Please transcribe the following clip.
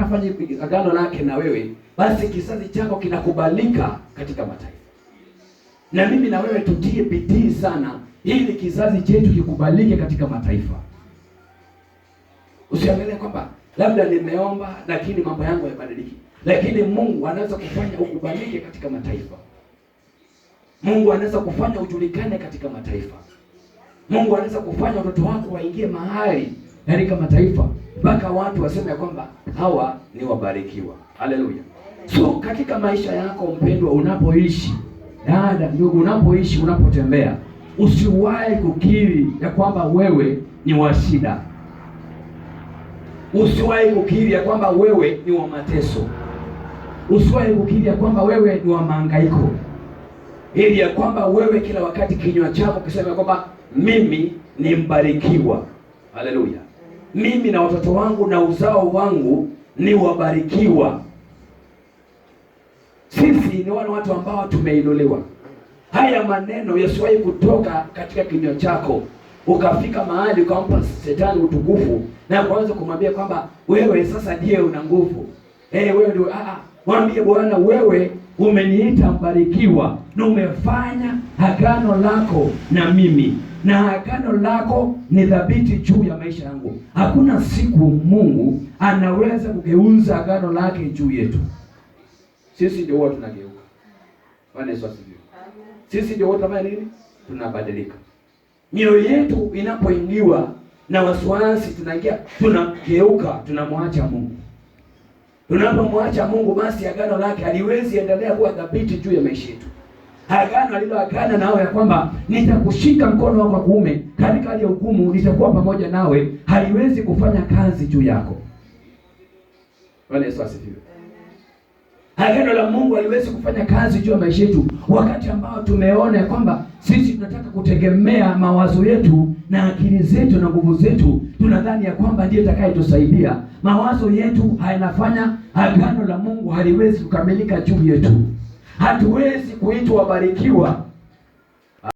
anataka afanye agano lake na wewe, basi kizazi chako kinakubalika katika mataifa. Na mimi na wewe tutie bidii sana, ili kizazi chetu kikubalike katika mataifa. Usiangalie kwamba labda nimeomba lakini mambo yangu yabadiliki, lakini Mungu anaweza kufanya ukubalike katika mataifa. Mungu anaweza kufanya ujulikane katika mataifa. Mungu anaweza kufanya watoto wako waingie mahali katika mataifa mpaka watu waseme kwamba hawa ni wabarikiwa. Haleluya! So katika maisha yako mpendwa, unapoishi dada, ndugu, unapoishi, unapotembea, usiwahi kukiri ya kwamba wewe ni wa shida, usiwahi kukiri ya kwamba wewe ni wa mateso, usiwahi kukiri ya kwamba wewe ni wa mahangaiko, ili ya kwamba wewe kila wakati kinywa chako kisema kwamba mimi ni mbarikiwa. Haleluya! mimi na watoto wangu na uzao wangu ni wabarikiwa. Sisi ni wale watu ambao tumeinuliwa. Haya maneno yasiwahi kutoka katika kinywa chako ukafika mahali ukampa shetani utukufu na kuanza kumwambia kwamba wewe sasa ndiye una nguvu eh, wewe ndio. Ah, ah, mwambie Bwana, wewe umeniita mbarikiwa na umefanya agano lako na mimi na agano lako ni thabiti juu ya maisha yangu. Hakuna siku Mungu anaweza kugeuza agano lake juu yetu. Sisi ndio wote tunageuka. Bwana Yesu asifiwe. Sisi ndio wote tunafanya nini? Tunabadilika. Mioyo yetu inapoingiwa na wasiwasi, tunaingia tunageuka, tunamwacha Mungu. Tunapomwacha Mungu, basi agano lake haliwezi endelea kuwa thabiti juu ya maisha yetu agano aliloagana nawe ya kwamba nitakushika mkono wako wa kuume katika hali ya hukumu, nitakuwa pamoja nawe, haliwezi kufanya kazi juu yako. Bwana Yesu asifiwe. Agano la Mungu haliwezi kufanya kazi juu ya maisha yetu, wakati ambao tumeona ya kwamba sisi tunataka kutegemea mawazo yetu na akili zetu na nguvu zetu, tunadhani ya kwamba ndiye atakayetusaidia. Mawazo yetu hayanafanya, agano la Mungu haliwezi kukamilika juu yetu. Hatuwezi kuitwa wabarikiwa